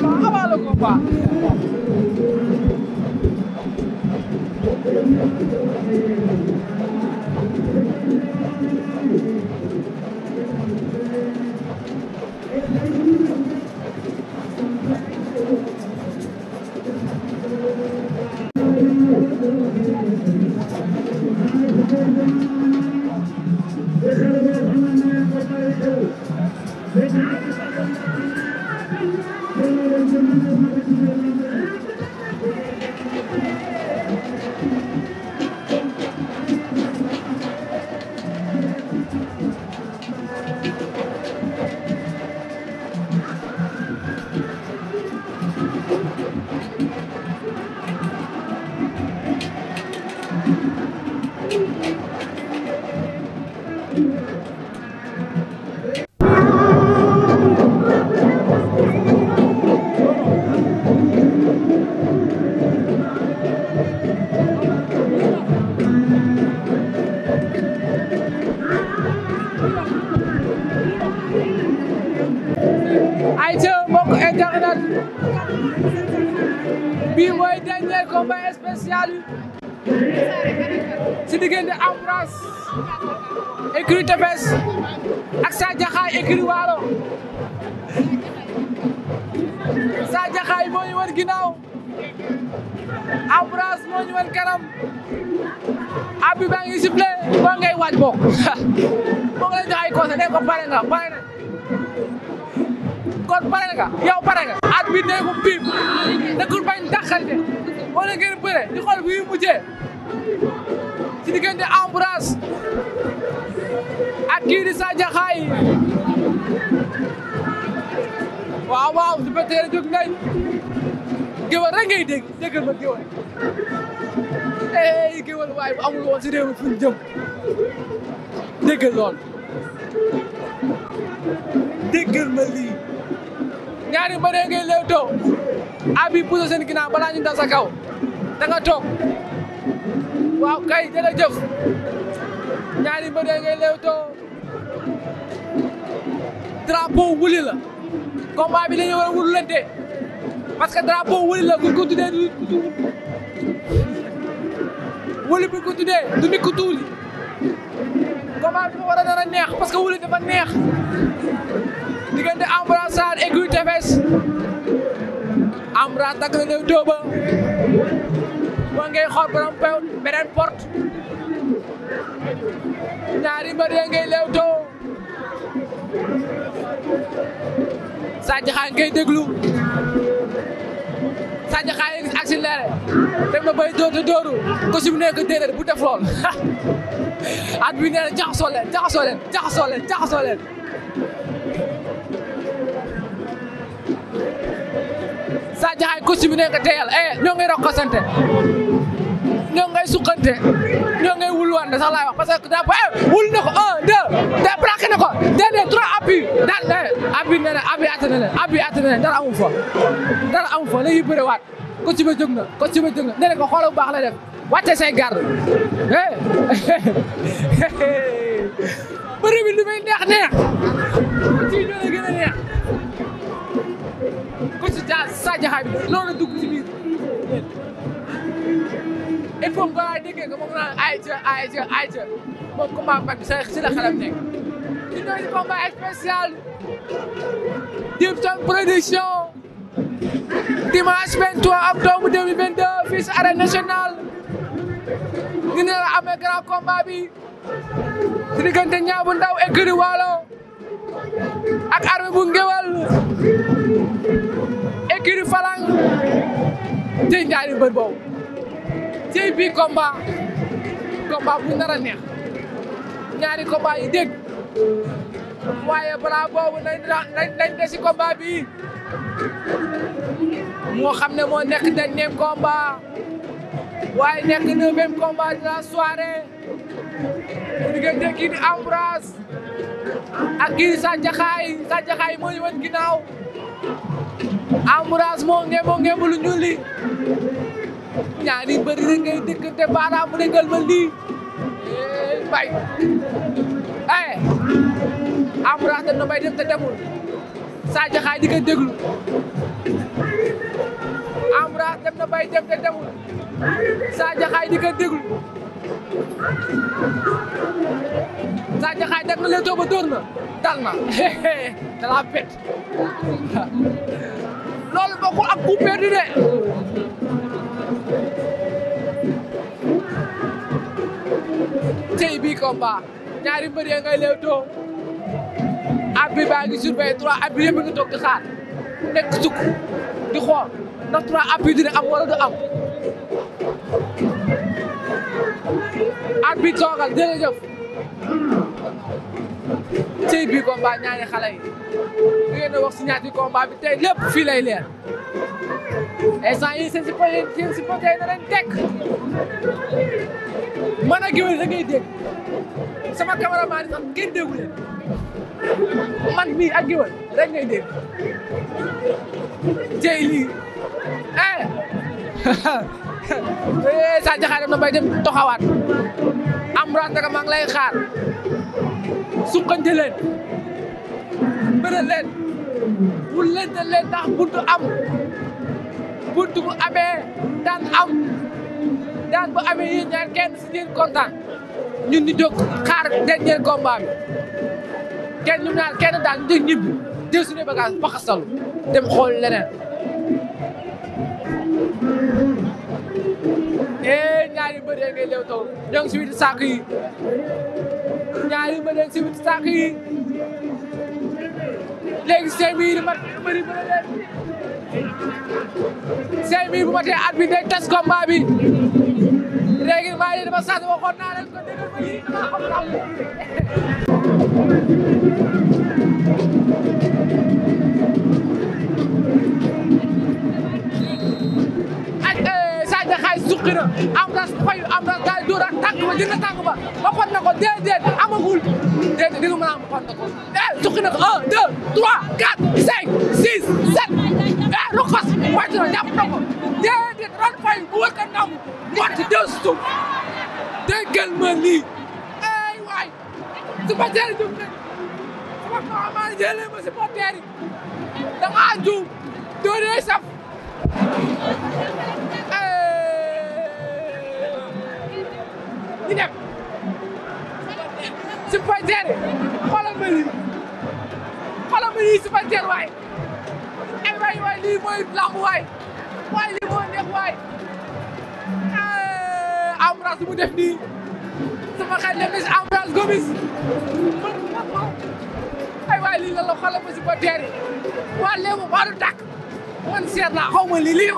How about local bar? ayca mbokk internet bii mooy dernier combat spécial si diggante Ambroise écurie Tefess ak Sa Diakhaay écurie Waalo Sa Diakhaay moo ñu wan ginnaaw Ambroise moo ñu wan kanam abi baa ngi sifflé ba ngay waaj bokk moo ngi lay jox ay conseil ne ko pare nga pare na kon pare nga yow pare nga at bi ne ko bañ dàqante wala ngeen bëre di xool bi mujjee ci diggante Ambroise ak kii di Sadio Xaay waaw waaw su fekkee jóg nañ géwal rek ngay dégg déggal ma géwal eh géwal waaye bu amul si réew mi fu ñu jëm déggal ma lii. ñaari mbëree ngay léewtoo abi pousse seen ginnaaw balaa ñu dal sa da nga toog waaw kay jërëjëf ñaari mbëree ngay léewtoo drapeau wuli la combat bi dañu war a wululante parce que drapeau wuli la ku ko tuddee du wuli bi ko tuddee du neex parce que wuli dafa neex diggante Ambroise Sarr Aiguille Tefess Ambroise dakk na lew tooba ma ngay xool borom ñaari mbër lew too Sadji Xaay ngay déglu Sadji Xaay ngi accéléré dem dóor te dóoru ko si mu nekk déedéet bu def lool at bi nee na jaxaay costume bi ne nga teyal eh ñoo ngay rokkosante ñoo ngay ñoo ngay wulwande sax laay wax parce que daa ba eh, wul na ko un deux daa braqué na ko deux deux trois appui daal ne appui nee na appui atta na leen appui atta na leen amu fa dara amu fa léegi bëre waat costume jóg na costume jóg na na ko xoolal bu baax la def wàcce say garde eh bi lu muy neex ci ñoo la gën a jaxaay bi loolu dugg ci biir il faut déggee nga moom naan ay ca ay ca ay ca moom combat bi sa la xelam nekk ñu ñëw ci combat spécial Djibson Production dimanche 23 octobre 2022 fii ci arène nationale ñu ne la amee grand combat bi ci diggante Niang bu Ndaw écurie Walo ak Armée bu Ngéwal kii Falang tey ñaari mbër boobu tey bii combat combat bu nar a neex ñaari combat yi dégg waaye balaa boobu nañ nañ ne si bii moo xam ne moo nekk dernier combat waaye nekk neuvième combat de la soirée mu diggante kii di Ambroise Sa Diakhaay Sa Diakhaay moo ñu wan ginnaaw Ambulance moo nge moo nge lu ñuul li ñaari bëri na ngay dëkkante baaraam régal ma lii eh, bay eh Ambulance dem na bay def te demul Sadio di ko déglu Ambulance dem na bay def te demul Sadio di ko déglu Sadio Xaay na lee tooba dóor na dal na dalaa pet coup perdu de tey bii combat ñaari mbër ya ngay leew too ab bi baa ngi surveillé trois ab bi yëpp ngi toog di xaar nekk sukk di xool ndax trois ab bi dina am wala du am ab toogal jërëjëf tey bii combat ñaari xale yi di ngeen ñaati combat bi tey lépp fii lay leer instant yii seen si projet seen si projet yi danañ tekk man ak yow da ngay sama cameraman yi sax ngeen déggu man mii ak yow rek ngay dégg tey eh! eh, sa jaxaar dem na bay dem toxawaat Ambroise naka maa lay xaar suqante leen bëre leen bu leen ndax buntu am. bunt bu amee daan am daan bu amee yéen ñaar kenn si ñeen kontaan ñun ñu jóg xaar dernier combat bi kenn ñu ñaar kenn daal ñu jóg ñibbi jël suñu bagage faxasalu dem xool leneen ee eh, ñaari mbër yi ngay leew taw si witi saako ñaari mbër yi si witi saako yi léegi seen biir mbër yi bëri bëri leen tey bii bu ma tee at bi day tas combat bi léegi maa ngi dama sax waxoon naa leen ko déggal ma lii dama xam eh, xam suqi na am ras fayu am ras daal door ak tànk ba jël na tànk ba waxoon na ko déedéet amagul déedéet di nga mën a am waxoon na ko eh, suqi na ko un deux trois quatre cinq six sept lu xas wàcc na jàpp na ko déedéet ran fay bu wër ka nangu wàcc dellu si suuf ma lii ay waay su ma jërëjëf nag su ma ko amaan jëlee dee saf ñu dem supporter xoolal ma lii xoolal ma waa mooy lamb waay waay lii moo neex eh, mu def nii sama xel ne mis Ambroise Gomis mën na ko ay waay lii la la xoolal ma si ba teeri waa naa xaw lii lii